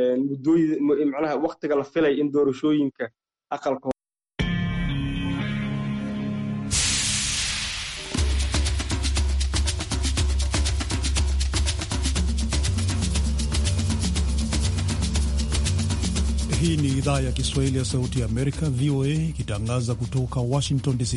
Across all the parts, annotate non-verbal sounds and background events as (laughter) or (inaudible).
mudooyimanaha waktiga la filay in doorashooyinka aqalka Hii ni idhaa ya Kiswahili ya Sauti ya Amerika, VOA, ikitangaza kutoka Washington DC.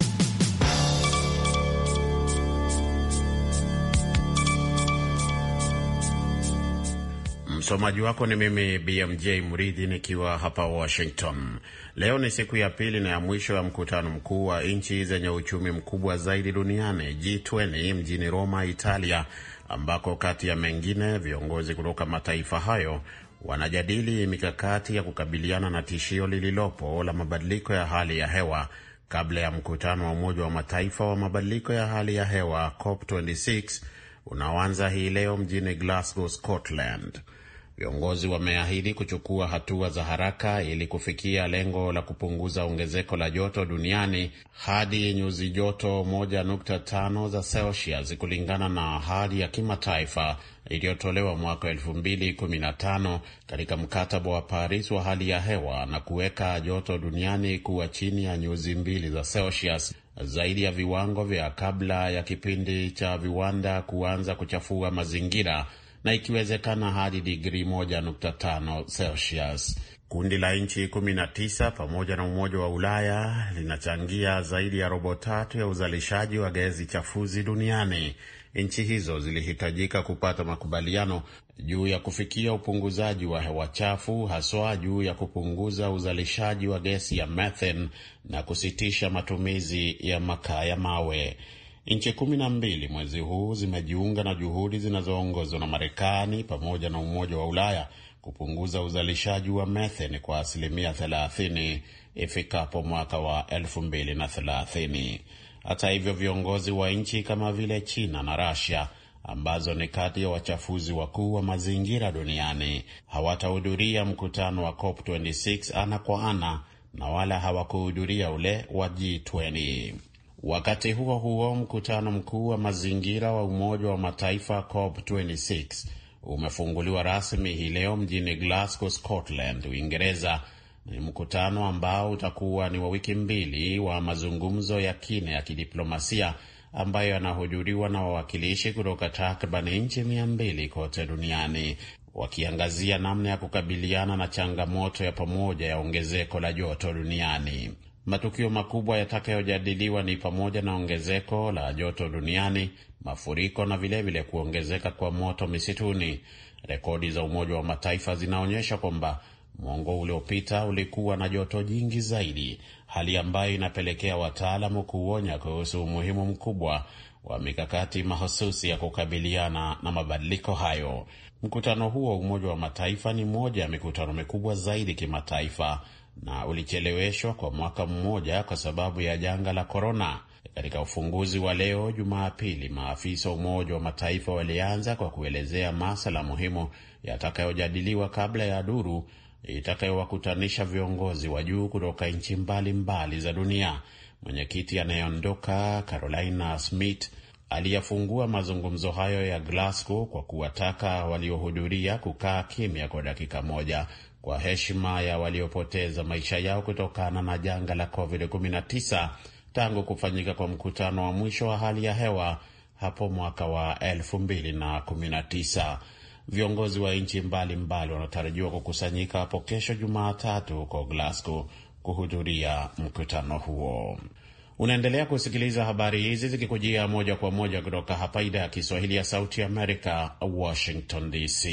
Msomaji wako ni mimi BMJ Mridhi nikiwa hapa Washington. Leo ni siku ya pili na ya mwisho ya mkutano mkuu wa nchi zenye uchumi mkubwa zaidi duniani G20 mjini Roma, Italia, ambako kati ya mengine viongozi kutoka mataifa hayo wanajadili mikakati ya kukabiliana na tishio lililopo la mabadiliko ya hali ya hewa kabla ya mkutano wa Umoja wa Mataifa wa mabadiliko ya hali ya hewa COP26 unaoanza hii leo mjini Glasgow, Scotland. Viongozi wameahidi kuchukua hatua za haraka ili kufikia lengo la kupunguza ongezeko la joto duniani hadi nyuzi joto 1.5 za Celsius kulingana na ahadi ya kimataifa iliyotolewa mwaka 2015 katika mkataba wa Paris wa hali ya hewa na kuweka joto duniani kuwa chini ya nyuzi mbili za Celsius zaidi ya viwango vya kabla ya kipindi cha viwanda kuanza kuchafua mazingira na ikiwezekana hadi digrii 1.5 Celsius. Kundi la nchi 19 pamoja na Umoja wa Ulaya linachangia zaidi ya robo tatu ya uzalishaji wa gesi chafuzi duniani. Nchi hizo zilihitajika kupata makubaliano juu ya kufikia upunguzaji wa hewa chafu, haswa juu ya kupunguza uzalishaji wa gesi ya methane na kusitisha matumizi ya makaa ya mawe. Nchi kumi na mbili mwezi huu zimejiunga na juhudi zinazoongozwa na Marekani pamoja na Umoja wa Ulaya kupunguza uzalishaji wa methane kwa asilimia 30 ifikapo mwaka wa 2030. Hata hivyo, viongozi wa nchi kama vile China na Russia ambazo ni kati ya wachafuzi wakuu wa mazingira duniani hawatahudhuria mkutano wa COP 26 ana kwa ana na wala hawakuhudhuria ule wa G20. Wakati huo huo, mkutano mkuu wa mazingira wa Umoja wa Mataifa COP 26 umefunguliwa rasmi hii leo mjini Glasgow, Scotland, Uingereza. Ni mkutano ambao utakuwa ni wa wiki mbili wa mazungumzo ya kina ya kidiplomasia ambayo yanahujuriwa na wawakilishi kutoka takribani nchi mia mbili kote duniani wakiangazia namna ya kukabiliana na changamoto ya pamoja ya ongezeko la joto duniani. Matukio makubwa yatakayojadiliwa ni pamoja na ongezeko la joto duniani, mafuriko na vilevile vile kuongezeka kwa moto misituni. Rekodi za Umoja wa Mataifa zinaonyesha kwamba mwongo uliopita ulikuwa na joto jingi zaidi, hali ambayo inapelekea wataalamu kuonya kuhusu umuhimu mkubwa wa mikakati mahususi ya kukabiliana na mabadiliko hayo. Mkutano huo wa Umoja wa Mataifa ni moja ya mikutano mikubwa zaidi kimataifa na ulicheleweshwa kwa mwaka mmoja kwa sababu ya janga la korona. Katika ufunguzi wa leo Jumapili, maafisa wa Umoja wa Mataifa walianza kwa kuelezea masala muhimu yatakayojadiliwa kabla ya duru itakayowakutanisha viongozi wa juu kutoka nchi mbalimbali za dunia. Mwenyekiti anayeondoka Carolina Smith aliyafungua mazungumzo hayo ya Glasgow kwa kuwataka waliohudhuria kukaa kimya kwa dakika moja kwa heshima ya waliopoteza maisha yao kutokana na janga la COVID-19 tangu kufanyika kwa mkutano wa mwisho wa hali ya hewa hapo mwaka wa 2019. Viongozi wa nchi mbalimbali wanatarajiwa kukusanyika hapo kesho Jumatatu huko Glasgow kuhudhuria mkutano huo. Unaendelea kusikiliza habari hizi zikikujia moja kwa moja kutoka hapa idhaa ya Kiswahili ya Sauti ya Amerika, Washington DC.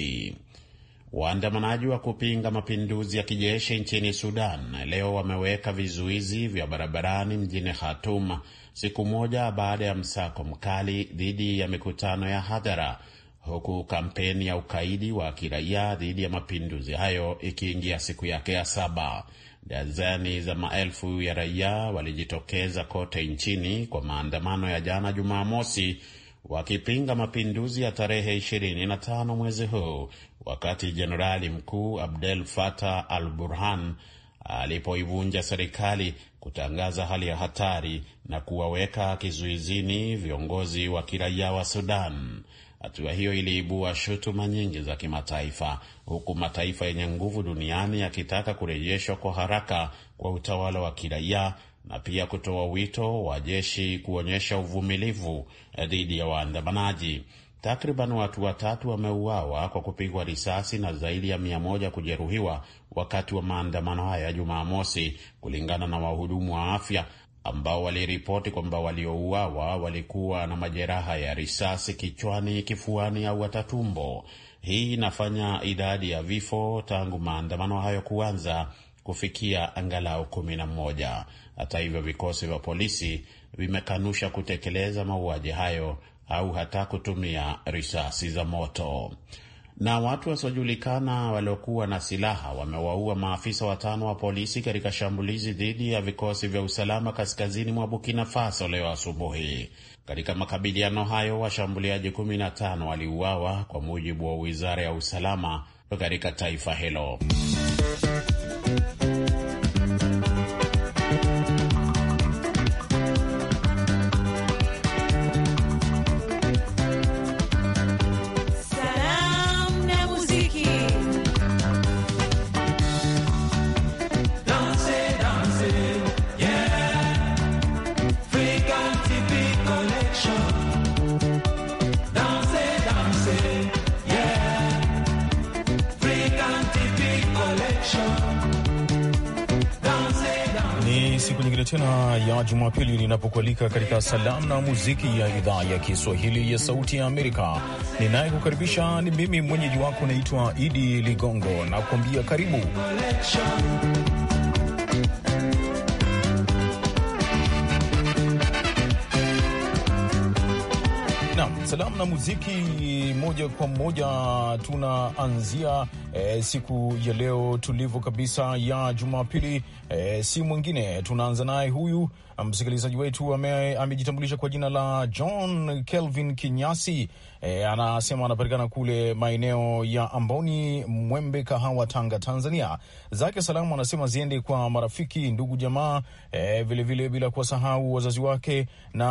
Waandamanaji wa kupinga mapinduzi ya kijeshi nchini Sudan leo wameweka vizuizi vya barabarani mjini Khartoum siku moja baada ya msako mkali dhidi ya mikutano ya hadhara, huku kampeni ya ukaidi wa kiraia dhidi ya mapinduzi hayo ikiingia siku yake ya saba. Dazeni za maelfu ya raia walijitokeza kote nchini kwa maandamano ya jana Jumamosi wakipinga mapinduzi ya tarehe 25 mwezi huu, wakati jenerali mkuu Abdel Fattah al-Burhan alipoivunja serikali, kutangaza hali ya hatari na kuwaweka kizuizini viongozi wa kiraia wa Sudan. Hatua hiyo iliibua shutuma nyingi za kimataifa, huku mataifa yenye nguvu duniani yakitaka kurejeshwa kwa haraka kwa utawala wa kiraia na pia kutoa wito wa jeshi kuonyesha uvumilivu eh, dhidi ya waandamanaji. Takriban watu watatu wameuawa kwa kupigwa risasi na zaidi ya mia moja kujeruhiwa wakati wa maandamano haya Jumamosi, kulingana na wahudumu wa afya ambao waliripoti kwamba waliouawa walikuwa na majeraha ya risasi kichwani, kifuani au hata tumbo. Hii inafanya idadi ya vifo tangu maandamano hayo kuanza kufikia angalau kumi na moja. Hata hivyo, vikosi vya polisi vimekanusha kutekeleza mauaji hayo au hata kutumia risasi za moto. Na watu wasiojulikana waliokuwa na silaha wamewaua maafisa watano wa polisi katika shambulizi dhidi ya vikosi vya usalama kaskazini mwa Burkina Faso leo asubuhi. Katika makabiliano hayo, washambuliaji 15 waliuawa kwa mujibu wa wizara ya usalama katika taifa hilo. tena ya Jumapili linapokualika katika salamu na muziki ya idhaa ya Kiswahili ya Sauti ya Amerika. Ninayekukaribisha ni mimi mwenyeji wako naitwa Idi Ligongo na kuambia karibu Salamu na muziki moja kwa moja tunaanzia e, siku ya leo tulivu kabisa ya Jumapili. E, si mwingine tunaanza naye huyu Uh, msikilizaji wetu amejitambulisha kwa jina la John Kelvin Kinyasi. E, anasema anapatikana kule maeneo ya Amboni, Mwembe, Kahawa, Tanga, Tanzania. Zake salamu anasema ziende kwa marafiki, ndugu, jamaa, eh, e, vilevile bila kuwasahau wazazi wake na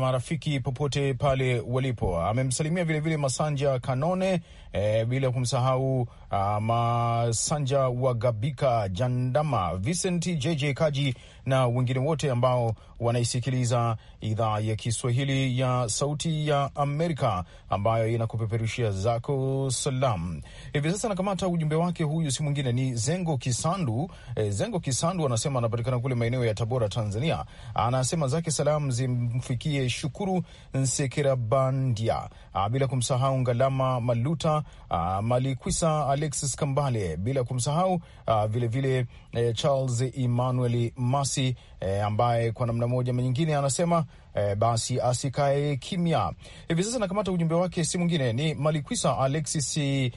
marafiki popote pale walipo. Amemsalimia vilevile Masanja Kanone, e, bila kumsahau a, ah, Masanja Wagabika, Jandama, Vincent JJ Kaji na wengine wote ambao wanaisikiliza idhaa ya Kiswahili ya Sauti ya Amerika ambayo inakupeperushia zako salam. Hivi sasa anakamata ujumbe wake, huyu si mwingine ni Zengo Kisandu. E, Zengo Kisandu anasema anapatikana kule maeneo ya Tabora, Tanzania. Anasema zake salam zimfikie Shukuru Nsekerabandia, bila kumsahau Ngalama Maluta, a, Malikwisa Alexis Kambale, bila kumsahau vilevile vile, e, Charles Emmanuel Masi Eh, ambaye kwa namna moja ama nyingine anasema eh, basi asikae kimya. Hivi sasa nakamata ujumbe wake, si mwingine ni Malikwisa Alexis eh,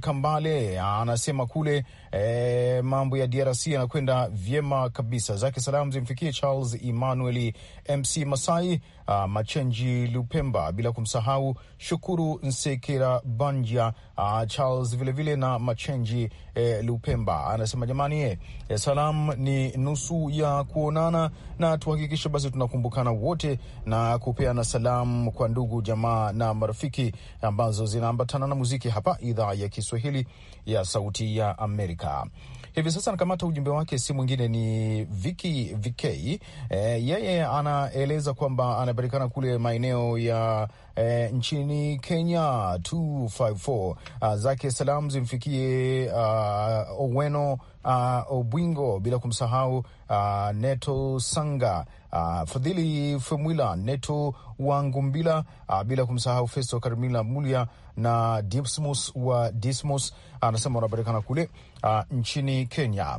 Kambale anasema kule eh, mambo ya DRC yanakwenda vyema kabisa, zake salamu zimfikie Charles Emmanuel Mc Masai ah, Machenji Lupemba, bila kumsahau Shukuru Nsekera Banja ah, Charles vilevile vile na Machenji eh, Lupemba anasema jamani, eh, salamu ni nusu ya kuonana na tuhakikishe basi tunakumbukana wote na kupeana salamu kwa ndugu jamaa na marafiki ambazo zinaambatana na muziki hapa idhaa ya Kiswahili ya Sauti ya Amerika. Hivi sasa anakamata ujumbe wake, si mwingine ni Viki Vikei. E, eh, yeye anaeleza kwamba anapatikana kule maeneo ya e, nchini Kenya 254 a, ah, zake salamu zimfikie a, ah, Oweno a, ah, Obwingo bila kumsahau a, Neto Sanga uh, Fadhili femwila Neto Wangumbila, uh, ah, bila kumsahau Festo Karimila Mulia na Dismos wa Dismos anasema uh, wanapatikana kule uh, nchini Kenya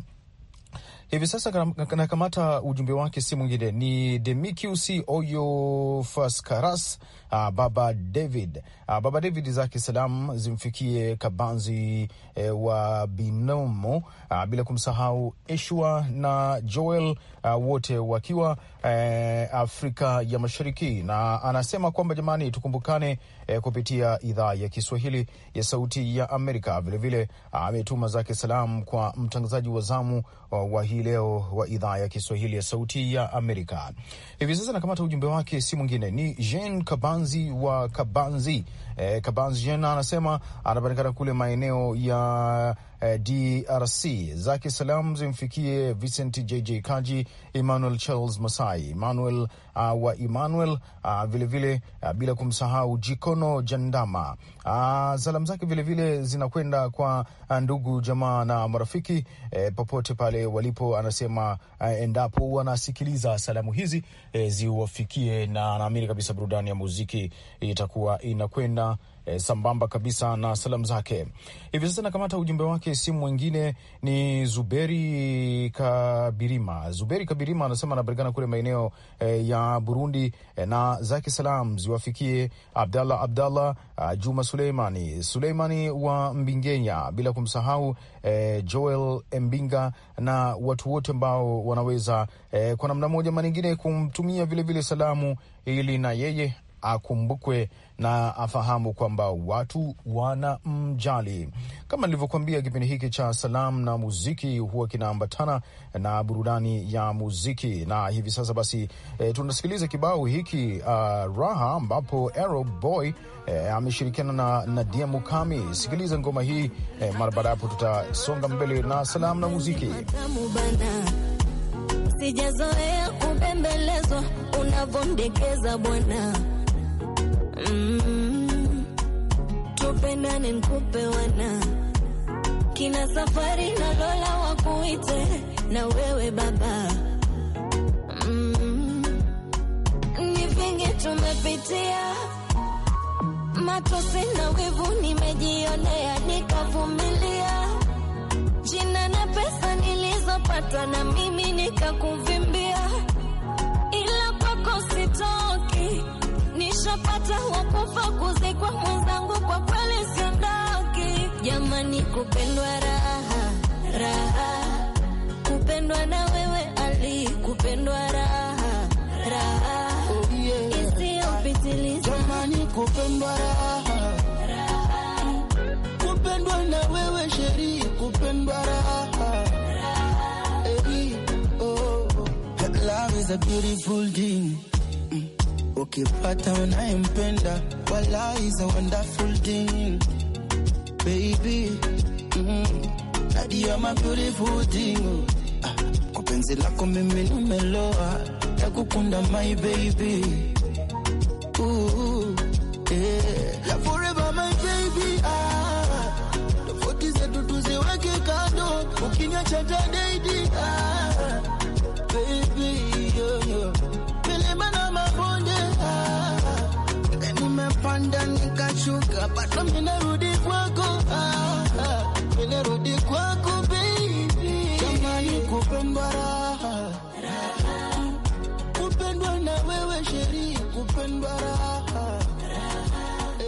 hivi sasa nakamata ujumbe wake, si mwingine ni Demikius Faskaras. Uh, ah, baba David, uh, baba David zake salam zimfikie Kabanzi eh, wa Binomo, uh, bila kumsahau Eshua na Joel, uh, wote wakiwa eh, Afrika ya Mashariki, na anasema kwamba jamani, tukumbukane eh, kupitia idhaa ya Kiswahili ya Sauti ya Amerika. Vilevile ametuma uh, zake salam kwa mtangazaji wa zamu wa hii hii leo wa idhaa ya Kiswahili ya Sauti ya Amerika. Hivi sasa nakamata ujumbe wake, si mwingine ni Jean Kabanzi wa Kabanzi. Eh, Kabanzi Jean anasema anapatikana kule maeneo ya Eh, DRC zake salam zimfikie Vincent JJ Kaji, Emmanuel Charles Masai, Emmanuel uh, wa Emmanuel uh, ah, vilevile uh, ah, bila kumsahau Jikono Jandama. Uh, salamu zake vilevile zinakwenda kwa ndugu jamaa na marafiki eh, popote pale walipo. Anasema uh, endapo wanasikiliza salamu hizi eh, ziwafikie, na naamini kabisa burudani ya muziki itakuwa inakwenda e, sambamba kabisa na salamu zake. Hivi sasa nakamata ujumbe wake, simu mwingine ni Zuberi Kabirima. Zuberi Kabirima anasema anapatikana kule maeneo e, ya Burundi e, na zake salam ziwafikie Abdallah Abdallah a, ah, Juma Suleimani Suleimani wa Mbingenya, bila kumsahau e, Joel Mbinga na watu wote ambao wanaweza e, kwa namna moja ama nyingine kumtumia vilevile vile salamu ili na yeye akumbukwe na afahamu kwamba watu wana mjali Kama nilivyokuambia, kipindi hiki cha salamu na muziki huwa kinaambatana na burudani ya muziki, na hivi sasa basi e, tunasikiliza kibao hiki uh, Raha ambapo Arrow Boy e, ameshirikiana na Nadia Mukami. Sikiliza ngoma hii e, mara baada hapo tutasonga mbele na salamu na muziki. Sijazoea bwana nipambane wana kina safari na Lola wakuite na wewe baba mm. Ni vingi tumepitia, matosi na wivu nimejionea, nikavumilia jina na pesa nilizopata, na mimi nikakuvimbia, ila kwako sitoki, nishapata wakufa kuzikwa mwenzangu kwa jamani, kupendwa raha raha, kupendwa na wewe Ali, kupendwa raha raha oh, isiyopitiliza, jamani, kupendwa raha raha, kupendwa na wewe Sheri, kupendwa raha oh. Love is a beautiful thing Okay, mm. ukipata unayempenda, wala is a wonderful thing baby mm, mm-hmm. nadia my beautiful thing ah, kwa penzi lako mimi nimeloa nakukunda my baby ooh, yeah. La forever my baby ah, tofauti zetu tuziweke kando ukinyacha tadaidi ah, baby yo, yo. milima na mabonde ah, nimepanda nikashuka bado minarudi kwako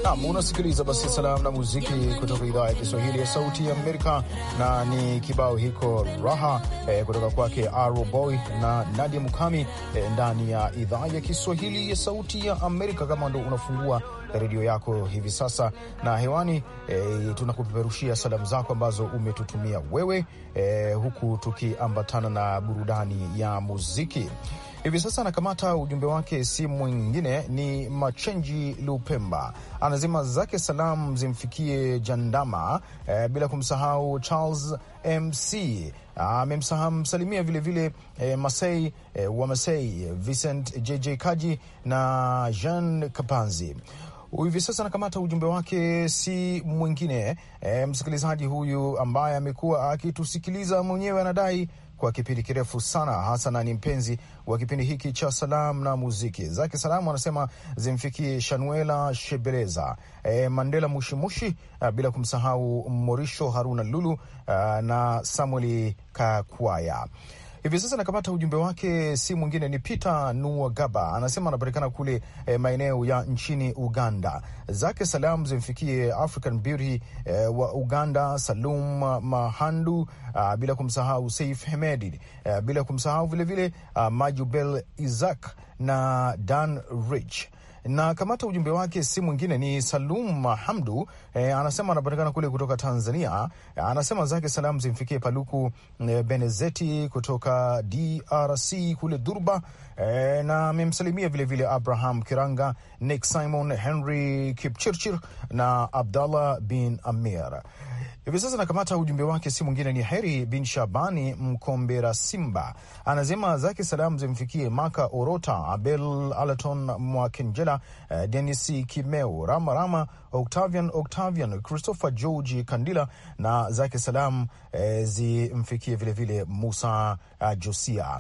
Nam unasikiliza basi salamu na muziki kutoka idhaa ya Kiswahili ya Sauti ya Amerika, na ni kibao hiko raha eh, kutoka kwake Arrow Boy na Nadia Mukami eh, ndani ya idhaa ya Kiswahili ya Sauti ya Amerika. Kama ndo unafungua redio yako hivi sasa na hewani eh, tunakupeperushia salamu zako ambazo umetutumia wewe eh, huku tukiambatana na burudani ya muziki Hivi sasa anakamata ujumbe wake, si mwingine ni Machenji Lupemba, anazima zake salamu zimfikie Jandama eh, bila kumsahau Charles Mc amemsalimia ah, vilevile eh, Masei eh, wa Masei, Vincent JJ Kaji na Jean Kapanzi hivi sasa anakamata ujumbe wake si mwingine e, eh, msikilizaji huyu ambaye amekuwa akitusikiliza mwenyewe anadai kwa kipindi kirefu sana, hasa na ni mpenzi wa kipindi hiki cha salamu na muziki. Zake salamu anasema zimfikie Shanuela Shebeleza, e, Mandela Mushimushi, a, e, bila kumsahau Morisho Haruna Lulu a, e, na Samueli Kakwaya. Hivi sasa nakamata ujumbe wake, si mwingine ni Peter nuagaba anasema anapatikana kule e, maeneo ya nchini Uganda. Zake salam zimfikie African Beauty e, wa Uganda, Salum Mahandu, a, ah, bila kumsahau Saif Hemedi, eh, bila kumsahau vilevile ah, Majubel Isaac na Dan Rich na kamata ujumbe wake si mwingine ni Salum Hamdu e, anasema anapatikana kule kutoka Tanzania. E, anasema zake salamu zimfikie Paluku e, Benezeti kutoka DRC kule Durba e, na amemsalimia vilevile Abraham Kiranga, Nick Simon, Henry Kipchirchir na Abdallah bin Amir. Hivi sasa nakamata ujumbe wake, si mwingine ni Heri bin Shabani Mkombera Simba, anasema zake salamu zimfikie Maka Orota, Abel Alaton Mwakenjela, eh, Denis Kimeu, Rama Rama, Octavian Octavian, Christopher George Kandila, na zake salamu eh, zimfikie vilevile Musa eh, Josia.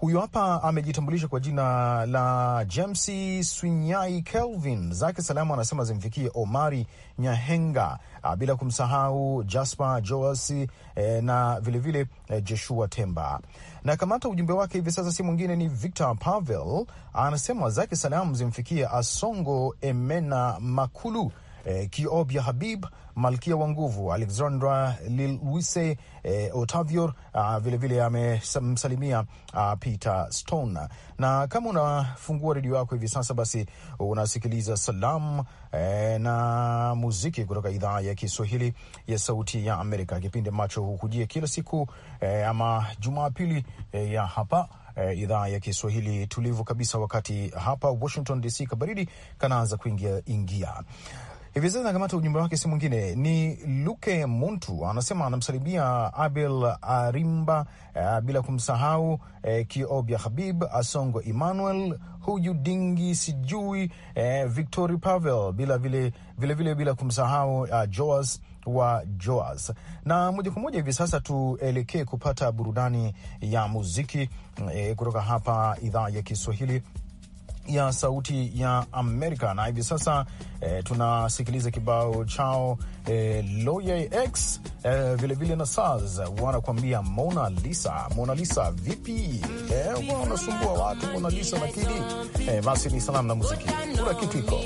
Huyu hapa amejitambulisha kwa jina la James Swinyai Kelvin, zake salamu anasema zimfikie Omari Nyahenga, ah, bila kumsahau Jasper Joas eh, na vilevile vile, eh, Joshua Temba na kamata ujumbe wake hivi sasa, si mwingine ni Victor Pavel, anasema zake salamu zimfikie Asongo Emena Makulu eh, Kiobia Habib, malkia wa nguvu Alexandra Lilwise eh, Otavior ah, vilevile amemsalimia ah, Peter Stone. Na kama unafungua redio yako hivi sasa, basi unasikiliza salamu eh, na muziki kutoka idhaa ya Kiswahili ya Sauti ya Amerika, kipindi ambacho hukujia kila siku eh, ama Jumapili eh, ya hapa E, idhaa ya Kiswahili tulivu kabisa, wakati hapa Washington DC kabaridi kanaanza kuingia ingia. Hivi sasa nakamata ujumbe wake, si mwingine ni Luke Muntu, anasema anamsalimia Abel Arimba, uh, bila kumsahau eh, Kiobya Habib Asongo, Emmanuel Huyu Dingi, sijui eh, Victori Pavel, bila vile vile, vile bila kumsahau uh, Joas wa Joas. Na moja kwa moja hivi sasa tuelekee kupata burudani ya muziki eh, kutoka hapa idhaa ya Kiswahili ya Sauti ya Amerika, na hivi sasa eh, tunasikiliza kibao chao eh, Loye X eh, vilevile na Saz wanakuambia Mona Lisa. Mona Lisa vipi? Eh, wanasumbua watu Mona Lisa, lakini eh, basi ni salamu na muziki, kuna kitu iko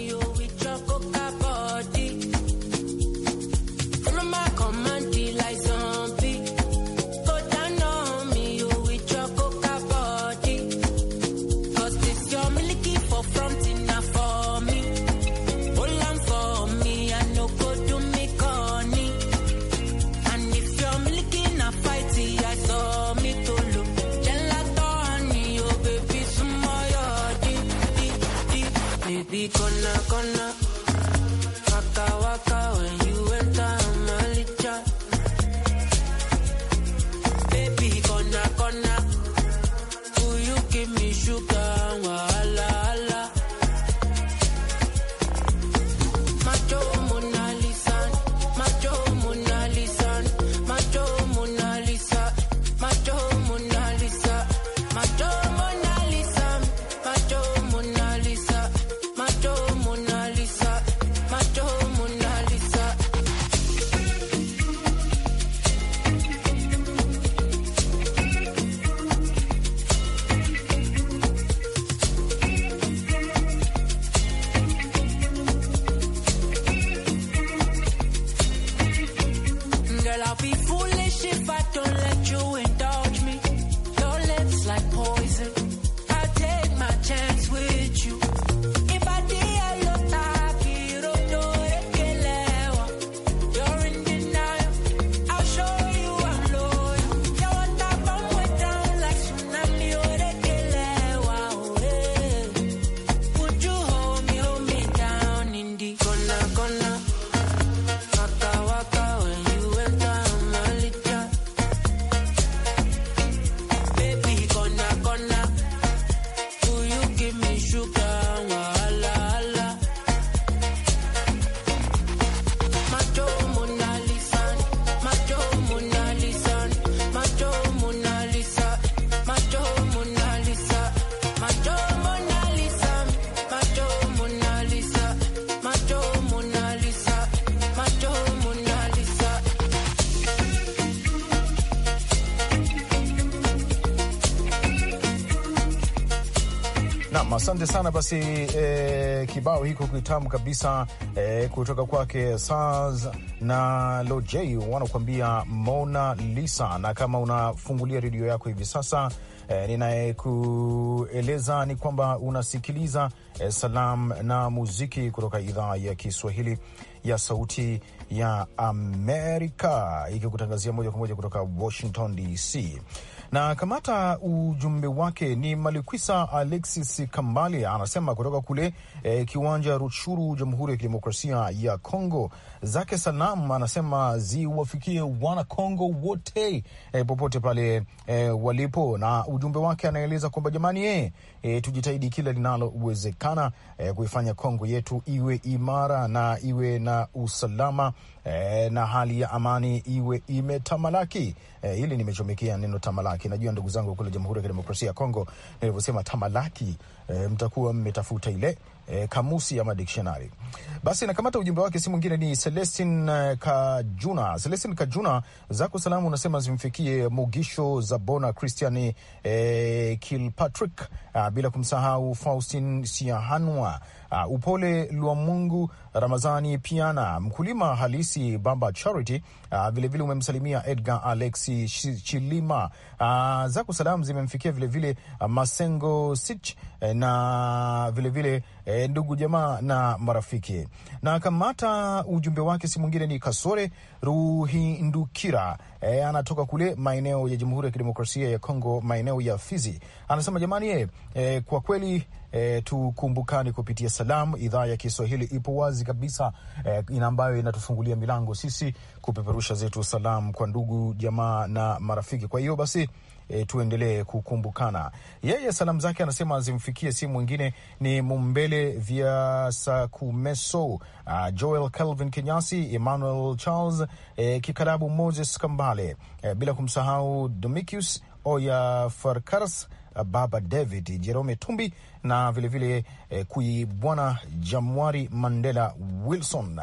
Asante sana basi, eh, kibao hiko kitamu kabisa eh, kutoka kwake sars na Loj wanakuambia Mona Lisa, na kama unafungulia redio yako hivi sasa eh, ninayekueleza ni kwamba unasikiliza eh, Salam na Muziki kutoka idhaa ya Kiswahili ya Sauti ya Amerika ikikutangazia moja kwa moja kutoka Washington DC na kamata ujumbe wake ni Malikwisa Alexis Kambale anasema kutoka kule eh, kiwanja Ruchuru, Jamhuri ya Kidemokrasia ya Kongo. Zake salam anasema ziwafikie wana Kongo wote eh, popote pale eh, walipo, na ujumbe wake anaeleza kwamba jamani, e, eh, tujitahidi kila linalowezekana eh, kuifanya Kongo yetu iwe imara na iwe na usalama eh, na hali ya amani iwe imetamalaki. E, hili nimechomekea neno tamalaki tamalaki. Najua ndugu zangu kule Jamhuri ya Kidemokrasia ya Kongo, nilivyosema tamalaki, e, mtakuwa mmetafuta ile e, kamusi ama dictionary. Basi nakamata ujumbe wake, si mwingine ni Celestin eh, Kajuna. Celestin Kajuna, zako salamu unasema zimfikie Mugisho Zabona, Christian e, Kilpatrick, a, ah, bila kumsahau Faustin Siahanwa, a, ah, Upole Lwa Mungu, Ramazani Piana, mkulima halisi Bamba Charity vilevile ah, vile umemsalimia Edgar Alexi Chilima. Uh, ah, zako salamu zimemfikia vilevile uh, ah, Masengo Sich eh, na vilevile vile, eh, ndugu jamaa na marafiki. Na kamata ujumbe wake, si mwingine ni Kasore Ruhindukira, eh, anatoka kule maeneo ya Jamhuri ya Kidemokrasia ya Kongo, maeneo ya Fizi. Anasema jamani, eh, eh kwa kweli eh, tukumbukani kupitia salamu. Idhaa ya Kiswahili ipo wazi kabisa, eh, ambayo inatufungulia milango sisi kupeperusha zetu salamu kwa ndugu jamaa na marafiki. Kwa hiyo basi E, tuendelee kukumbukana. Yeye salamu zake anasema zimfikie si mwingine ni Mumbele vya Sakumeso, uh, Joel Calvin Kenyasi, Emmanuel Charles, e, Kikarabu Moses Kambale, e, bila kumsahau Domicius Oya Farkars, Baba David Jerome Tumbi na vilevile vile, e, Kuibwana Jamwari Mandela Wilson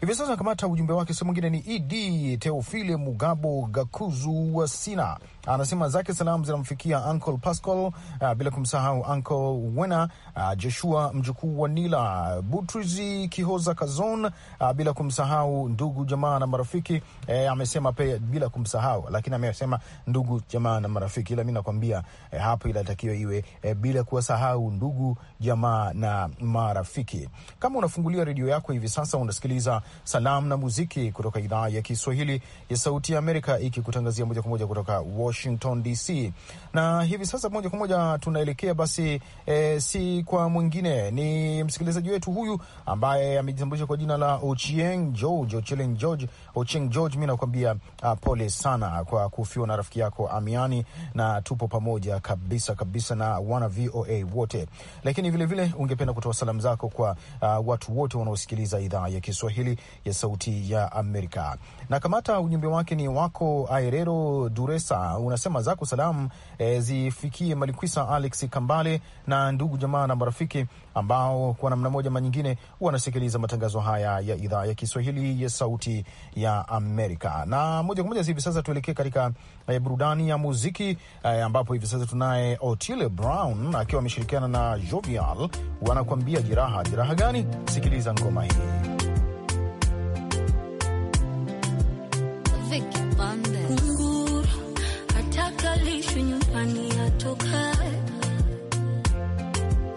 Hivi sasa nakamata ujumbe wake, sehemu mwingine ni ed Teofile Mugabo Gakuzu wa Sina, anasema zake salam zinamfikia Uncle Pascal, uh, bila kumsahau Uncle Wena, uh, Joshua mjukuu wa Nila, Butrizi Kihoza Kazon, uh, bila kumsahau ndugu jamaa na marafiki eh, amesema pe, bila kumsahau lakini amesema ndugu jamaa na marafiki, ila mi nakwambia eh, hapo inatakiwa iwe eh, bila kuwasahau ndugu jamaa na marafiki. Kama unafungulia redio yako hivi sasa unasikiliza salamu na muziki kutoka idhaa ya Kiswahili ya Sauti ya Amerika, ikikutangazia moja kwa moja kutoka Washington DC. Na hivi sasa moja kwa moja tunaelekea basi, e, si kwa mwingine ni msikilizaji wetu huyu ambaye amejitambulisha kwa jina la Ochieng George, Ochieng George Ocheng George, mi nakuambia uh, pole sana kwa kufiwa na rafiki yako Amiani, na tupo pamoja kabisa kabisa na wana VOA wote, lakini vilevile vile ungependa kutoa salamu zako kwa uh, watu wote wanaosikiliza idhaa ya Kiswahili ya Sauti ya Amerika. Na kamata ujumbe wake ni wako Aerero Duresa, unasema zako salamu e, zifikie Malikwisa Alex Kambale na ndugu jamaa na marafiki ambao kwa namna moja manyingine wanasikiliza matangazo haya ya idhaa ya Kiswahili ya Sauti ya ya Amerika. Na moja kwa moja hivi sasa tuelekee katika eh, burudani ya muziki eh, ambapo hivi sasa tunaye Otile Brown akiwa ameshirikiana na Jovial wanakuambia jeraha. Jeraha gani? Sikiliza ngoma hii.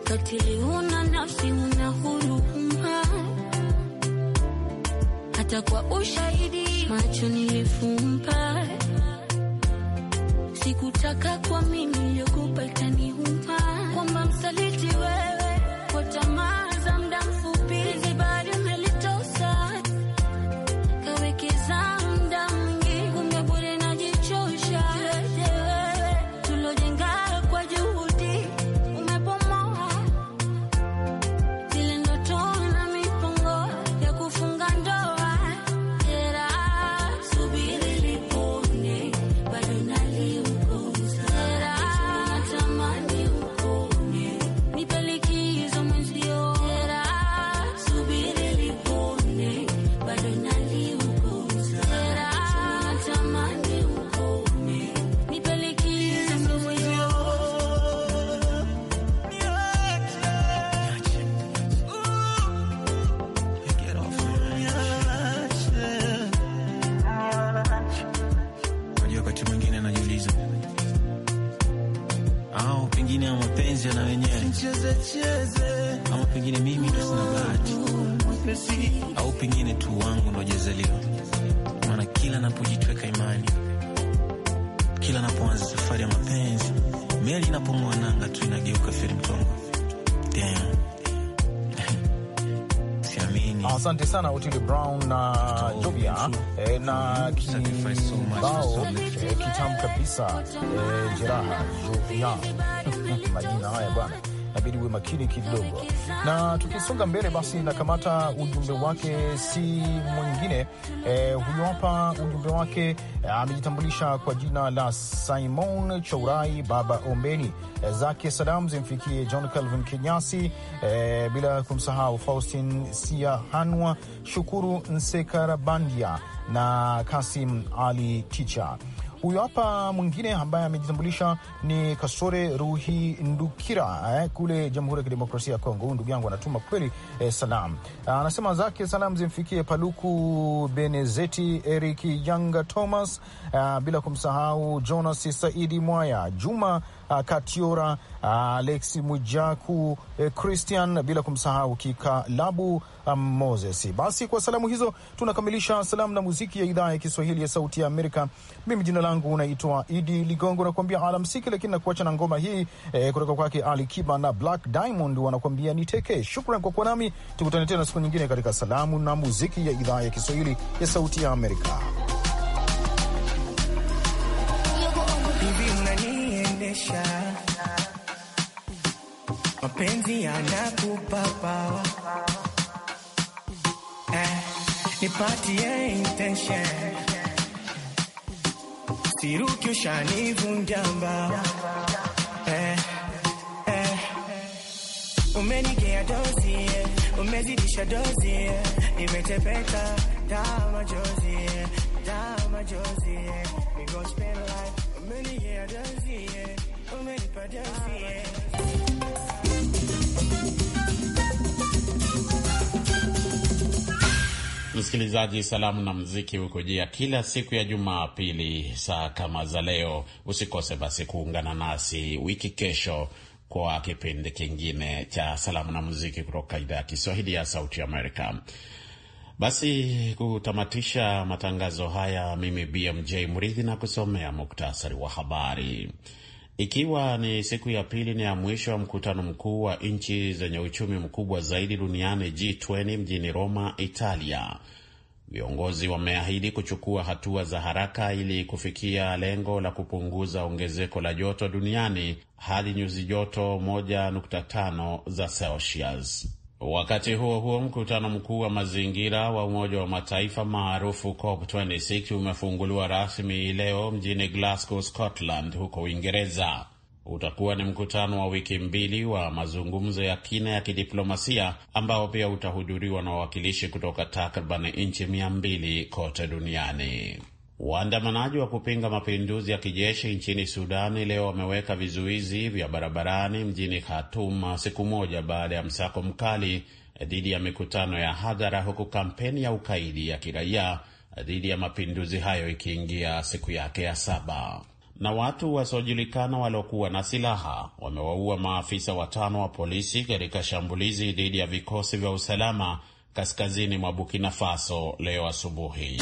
Katili una nafsi una huruma hata kwa ushahidi. Macho nilifumba, sikutaka kwa mimi yogopa itaniuma pengine ya mapenzi na wenyewe, cheze cheze, ama pengine mimi ndo sina bahati, au pengine tu wangu ndo jazaliwa. Maana kila napojitweka imani, kila napoanza safari ya mapenzi, meli inapong'oa nanga tu inageuka feri mtongo. firimtongo. (laughs) Asante sana Otile Brown na Jovia eh, na mm-hmm. kibao eh, kitamu kabisa eh, jeraha Jovia majina haya bwana, inabidi uwe makini kidogo. Na tukisonga mbele, basi nakamata ujumbe wake, si mwingine eh, huyu hapa ujumbe wake eh, amejitambulisha kwa jina la Simon Chaurai Baba Ombeni. Eh, zake salam zimfikie John Calvin Kenyasi, eh, bila kumsahau Faustin Hanwa Shukuru Nsekarabandia na Kasim Ali Ticha. Huyu hapa mwingine ambaye amejitambulisha ni Kasore Ruhindukira eh, kule Jamhuri ya Kidemokrasia ya Kongo. Huyu ndugu yangu anatuma kweli eh, salam. Ah, anasema zake salam zimfikie Paluku Benezeti, Eric Yanga, Thomas, ah, bila kumsahau Jonas Saidi Mwaya, Juma uh, Katiora uh, ah, Alexi Mwijaku eh, Christian, bila kumsahau Kikalabu um, ah, Moses. Basi kwa salamu hizo tunakamilisha salamu na muziki ya idhaa ya Kiswahili ya Sauti ya Amerika. Mimi jina langu unaitwa Idi Ligongo, nakuambia alamsiki, lakini nakuacha na ngoma hii eh, kutoka kwake Ali Kiba na Black Diamond wanakuambia niteke. Shukran kwa kuwa nami, tukutane tena siku nyingine katika salamu na muziki ya idhaa ya Kiswahili ya Sauti ya Amerika. kuwasha, mapenzi yanakupa pawa eh, nipatie intention, siruki ushanivunja mbawa eh, eh, umenigea dozi eh, umezidisha dozi eh, nimetepeka taa majozi eh, taa majozi eh, we gon' spend like a million years, yeah. Msikilizaji, salamu na mziki hukujia kila siku ya Jumapili saa kama za leo. Usikose basi kuungana nasi wiki kesho kwa kipindi kingine cha salamu na muziki kutoka idhaa ya Kiswahili ya Sauti Amerika. Basi kutamatisha matangazo haya, mimi BMJ Mridhi na kusomea muktasari wa habari ikiwa ni siku ya pili na ya mwisho wa mkutano mkuu wa nchi zenye uchumi mkubwa zaidi duniani G20 mjini Roma, Italia. Viongozi wameahidi kuchukua hatua za haraka ili kufikia lengo la kupunguza ongezeko la joto duniani hadi nyuzi joto 1.5 za Celsius. Wakati huo huo, mkutano mkuu wa mazingira wa Umoja wa Mataifa maarufu COP26 umefunguliwa rasmi leo mjini Glasgow, Scotland, huko Uingereza. Utakuwa ni mkutano wa wiki mbili wa mazungumzo ya kina ya kidiplomasia ambao pia utahudhuriwa na wawakilishi kutoka takriban nchi mia mbili kote duniani. Waandamanaji wa kupinga mapinduzi ya kijeshi nchini Sudani leo wameweka vizuizi vya barabarani mjini Khartoum siku moja baada ya msako mkali dhidi ya mikutano ya hadhara, huku kampeni ya ukaidi ya kiraia dhidi ya mapinduzi hayo ikiingia siku yake ya saba. Na watu wasiojulikana waliokuwa na silaha wamewaua maafisa watano wa polisi katika shambulizi dhidi ya vikosi vya usalama kaskazini mwa Burkina Faso leo asubuhi.